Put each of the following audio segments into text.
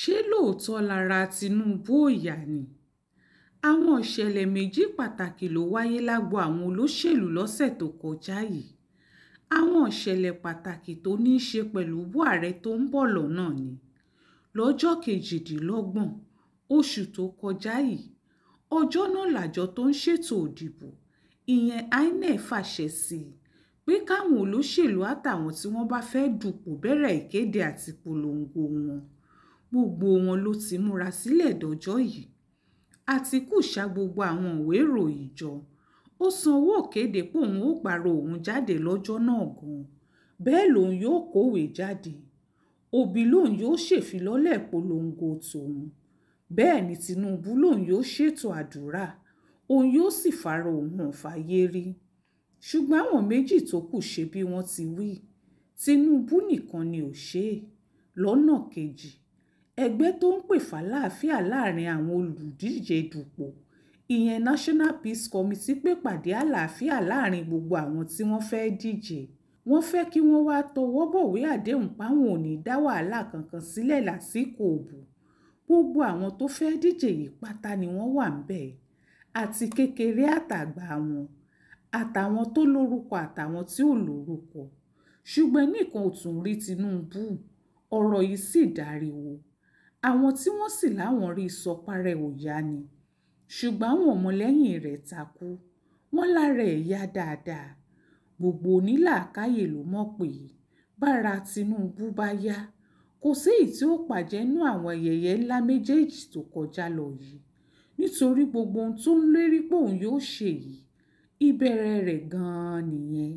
ṣé lóòótọ́ lara tinubu ò yá ni àwọn ìṣẹ̀lẹ̀ méjì pàtàkì ló wáyé lágbo àwọn olóṣèlú lọ́sẹ̀ tó kọjá yìí àwọn ìṣẹ̀lẹ̀ pàtàkì tó ní í ṣe pẹ̀lú buhari tó ń bọ̀ lọ́nà ni lọ́jọ́ kejìdínlọ́gbọ̀n oṣù tó kọjá yìí ọjọ́ náà làjọ tó ń ṣètò òdìbò ìyẹn inec fàṣẹ sí i pé káwọn olóṣèlú àtàwọn tí wọ́n bá fẹ́ dupò bẹ̀rẹ̀ ìkéde àti polongo wọn gbogbo wọn ló ti múra sílẹ̀ dọjọ́ yìí àtìkù ṣa gbogbo àwọn ìwé ìròyìn jọ ó san owó kéde póun ó pààrọ̀ òun jáde lọ́jọ́ náà gan-an bẹ́ẹ̀ lòun yóò kówèé jáde òbí lòun yóò ṣèfilọ́lẹ̀ polongo tòun bẹ́ẹ̀ ni Tinubu lòun yóò ṣètò àdúrà òun yóò sì fara òun hàn fáyé rí ṣùgbọ́n àwọn méjì tó kù ṣe bí wọ́n ti wí Tinubu nìkan ni ò ṣe é lọ́nà kejì ẹgbẹ́ tó ń pè fàlàáfíà láàrin àwọn olùdíje dùpò ìyẹn national peace committee pé pàdé àlàáfíà láàrin gbogbo àwọn tí wọ́n fẹ́ díje wọ́n fẹ́ kí wọ́n wá tọwọ́ bọ̀wé àdéhùn páwọn ò ní dá wàhálà kankan sílẹ̀ lásìkò òbò gbogbo àwọn tó fẹ́ díje yìí pátá ni wọ́n wà ń bẹ̀ àti kékeré àtàgbà wọn àtàwọn tó lórúkọ àtàwọn tí ò lórúkọ ṣùgbọ́n nìkan ò tún rí Tinubu ọ̀rọ̀ yìí sì dáriwo àwọn tí wọ́n sì láwọn rí sọpárẹ́ ò yá ni ṣùgbọ́n àwọn ọmọlẹ́yìn rẹ̀ takú wọ́n lára ẹ̀ yá dáadáa gbogbo onílàákàyè ló mọ̀ pé bára Tinubu bá yá kò séyìí tí ó pàjẹ́nú àwọn ayẹyẹ ńlá méjèèjì tó kọjá lọ yìí nítorí gbogbo ohun tó ń lérí pé òun yóò ṣe yìí ìbẹ̀rẹ̀ rẹ̀ gan-an nìyẹn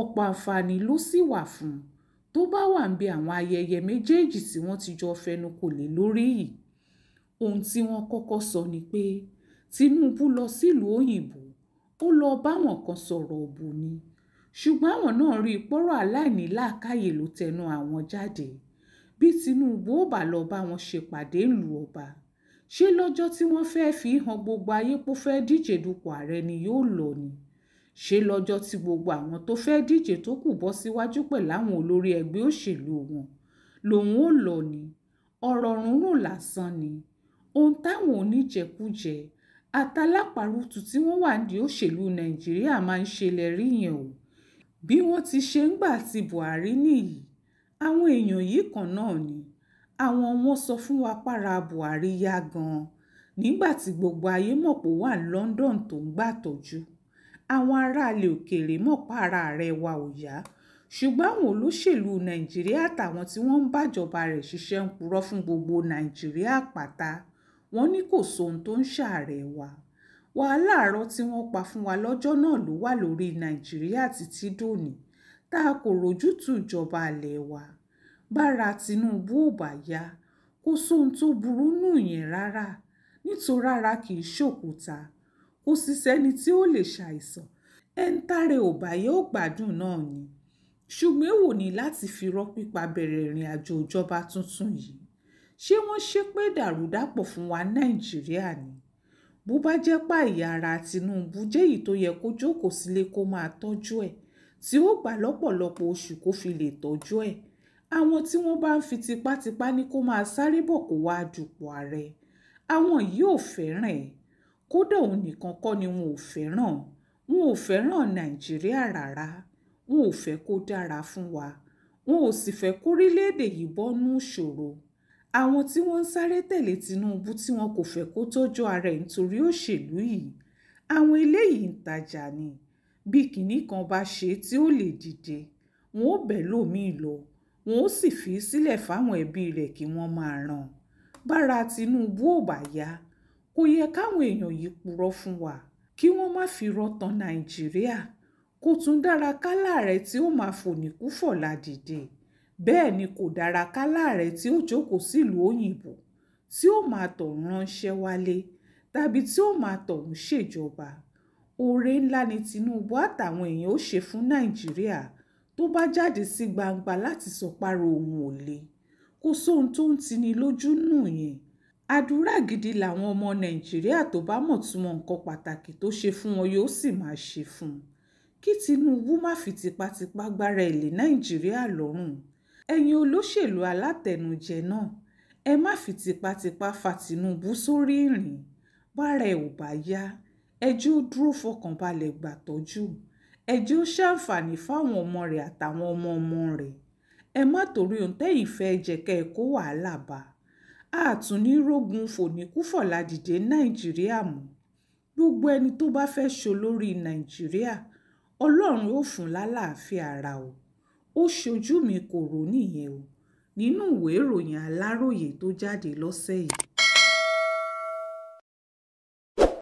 ọ̀pọ̀ àǹfààní ló sì wà fún un tó bá wà ń bi àwọn ayẹyẹ méjèèjì tí wọ́n ti jọ fẹnukò lé lórí yìí ohun tí wọ́n kọ́kọ́ sọ ni pé Tinubu lọ sílùú òyìnbó ó lọ báwọn kan sọ̀rọ̀ òbò ni ṣùgbọ́n àwọn náà rí ìpọ́rọ̀ aláìníláàkáyè ló tẹnu àwọn jáde bí Tinubu ó bá lọ bá wọn ṣèpàdé ìlú ọba ṣé lọ́jọ́ tí wọ́n fẹ́ẹ́ fi hàn gbogbo ayé pó fẹ́ẹ́ díje dupò ààrẹ ni yóò lọ ni ṣe lọ́jọ́ tí gbogbo àwọn tó fẹ́ẹ́ díje tó kù bọ́ síwájú pẹ̀lú àwọn olórí ẹgbẹ́ òṣèlú wọn lòun ò lọ ni ọ̀rọ̀ rúnrún lásán ni ohun táwọn oníjẹkújẹ atalápàrútù tí wọ́n wà ní òṣèlú nàìjíríà máa ń ṣẹlẹ̀ rí yẹn o bí wọ́n ti ṣe ń gbà ti buhari nìyí àwọn èèyàn yìí kan náà ni àwọn wọn sọ fún wa para buhari yá gan nígbà tí gbogbo ayé mọ̀ pé ó wà ní London tó ń gbàtọ́jú àwọn aráàlú òkèèrè mọ̀ pa ara rẹ̀ wa ò yá ṣùgbọ́n àwọn olóṣèlú nàìjíríà àtàwọn tí wọ́n ń bàjọba rẹ̀ ṣiṣẹ́ ń purọ́ fún gbogbo nàìjíríà pátá wọ́n ní kò sóhun tó ń ṣàárẹ̀ wa wàhálà àárọ̀ tí wọ́n pa fún wa lọ́jọ́ náà ló wà lórí nàìjíríà títí dòní tá a kò rójútùú ìjọba alẹ̀ wa bára tinubu ò bá yá kò sóhun tó burú nù yẹn rárá nítorí kì í ṣòkúta kò sì sẹ́ni tí ó lè ṣàìsàn ẹ̀ńtàrẹ ò bá yóò gbádùn náà ni ṣùgbọ́n èwo ni láti fi rọ́pípa bẹ̀rẹ̀ ìrìn àjò ìjọba tuntun yìí ṣé wọ́n ṣépè dàrúdàpọ̀ fún wa nàìjíríà ni bó bá jẹ́ páàyà ara Tinubu jẹ́ èyí tó yẹ kó jókòó sílé kó máa tọ́jú ẹ̀ tí ó gbà lọ́pọ̀lọpọ̀ oṣù kó fi lè tọ́jú ẹ̀ àwọn tí wọ́n bá ń fi tipátipá ní kó máa sáré bọ̀ kó wá dupò ààrẹ àwọn yìí ò fẹ́ràn ẹ̀ kódà òun nìkan kọ́ ni wọn ò fẹ́ràn wọn ò fẹ́ràn nàìjíríà rárá wọn ò fẹ́ kó dára fún wa wọn ò sì fẹ́ kórílẹ̀-èdè yìí bọ́nú ìṣòro àwọn tí wọ́n ń sáré tẹ̀lé Tinubu tí wọn kò fẹ́ kó tọ́jú ara ẹ̀ nítorí òṣèlú yìí àwọn eléyìí ń tajà ni bí kinní kan bá ṣe tí ó lè dìde wọn ò bẹ̀ lómìn lọ wọn ò sì fi sílẹ̀ fáwọn ẹbí rẹ̀ kí wọ́n máa ràn bára Tinubu ò bá yá kò yẹ káwọn èèyàn yìí purọ́ fún wa kí wọ́n má fi rọ́tàn nàìjíríà kò tún dára kálá rẹ tí ó máa fòníkúfọ̀lá dìde bẹ́ẹ̀ ni kò dára kálá rẹ tí ó jókòó sílùú òyìnbó tí ó máa tọ̀hún ránṣẹ́ wálé tàbí tí ó máa tọ̀hún ṣèjọba oore ńlá ni Tinubu àtàwọn èèyàn ó ṣe fún nàìjíríà tó bá jáde sí gbangba láti sọparọ ohun òle kò sóhun tó ń tini lójú nù yẹn àdúrà gidi làwọn ọmọ nàìjíríà tó bá mọ̀ túmọ̀ nǹkan pàtàkì tó ṣe fún wọn yóò sì máa ṣe fún un kí tinubu má fi tipátipá gbára ẹ̀ lé nàìjíríà lọ́rùn ẹ̀yin olóṣèlú alátẹnujẹ náà ẹ má fi tipátipá fa tinubu sórí ìrìn bára ẹ̀ ò bá yá ẹjọ́ dúró fọkànbalẹ̀ gbàtọ́jú ẹjọ́ ṣàǹfààní fáwọn ọmọ rẹ̀ àtàwọn ọmọ ọmọ rẹ̀ ẹ má torí ohun tẹ́yìn fẹ́ jẹ́ kẹ́ ẹ kó wàhálà bá a a tún ní rógun fòníkúfọ̀lá dìde nàìjíríà mọ́ gbogbo ẹni tó bá fẹ́ ṣolórí nàìjíríà ọlọ́run ó fún lálàáfíà ara o ó ṣojú mi kò rò nìyẹn o nínú ìwé ìròyìn aláròye tó jáde lọ́sẹ̀ yìí